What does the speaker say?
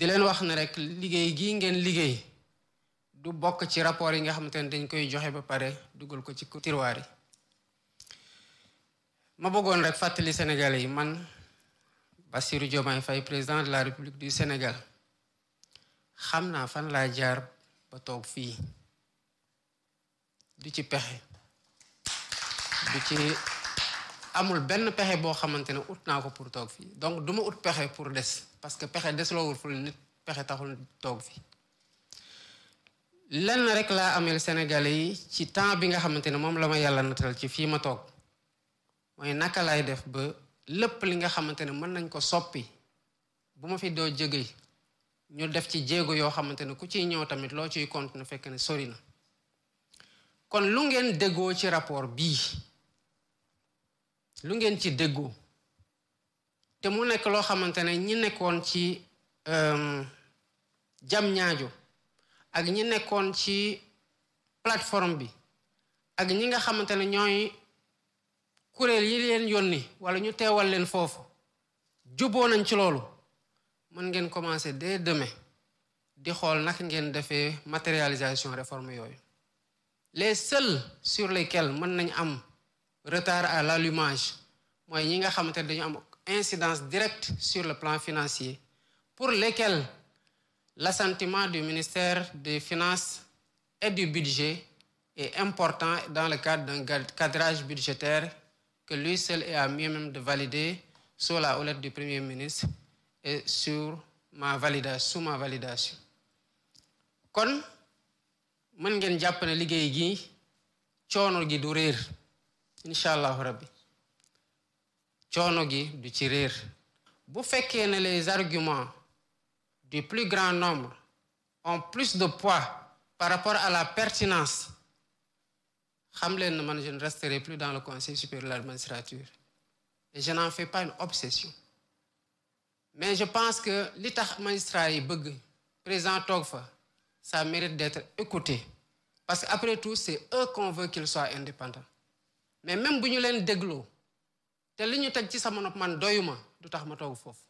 di leen wax na rek liggéey gii ngeen liggéey du bokk ci rapport yi nga xamante ne dañ koy joxe ba pare dugal ko ci tiroir yi ma bëggoon rek fàttali Sénégalais yi man Bassirou Diomaye Faye président de la République du Sénégal xam naa fan laa jaar ba toog fii du ci pexe du ci amul benn pexe boo xamante ne ut naa ko pour toog fii donc du ma ut pexe pour des parce que pexe desloowul ful nit pexe taxul toog fii lenn rek laa amee Sénégalais yi ci temps bi nga xamante ne moom la ma yàlla natal ci fii ma toog mooy naka laay def ba lépp li nga xamante ne mën nañ ko soppi bu ma fi doo jege ñu def ci jéego yoo xamante ne ku ci ñëw tamit loo ciy compte na fekk ne sori na kon lu ngeen déggoo ci rapport bii lu ngeen ci déggoo te mu nekk loo xamante ne ñi nekkoon ci euh, jam ñaajo ak ñi nekkoon ci plateforme bi ak ñi nga xamante ne ñooy kuréel yi leen yónni wala ñu teewal leen foofu juboo nañ ci loolu mën ngeen commencer dès demain di xool naka ngeen defee matérialisation réforme yooyu les seuls sur lesquels mën nañ am retard à l'allumage mooy ñi nga xamante ne dañu am incidence directe sur le plan financier pour lesquels l'assentiment du ministère des finance et du budget est important dans le cadre d'un cadrage budgétaire que lui est à mieux de valider sous la houlette du Premier ministre et sur ma validation sous validation kon mën ngeen jàpp ne liggéey gi coono gi du réer incha allahu rabbi coono gi du ci réer bu fekkee ne les arguments du plus grand nombre en plus de poids par rapport à la pertinence xam leen ne man je ne resterai plus dans le conseil supérieur de la magistrature et je n'en fais pas une obsession mais je pense que li tax magistrat yi bëgg président toog fa ça mérite d'être écouté parce que après tout c'est eux qu'on veut qu'ils soient indépendants mais même bu ñu leen dégloo te li ñu teg ci sama nopp man doyuma du tax ma toog foofu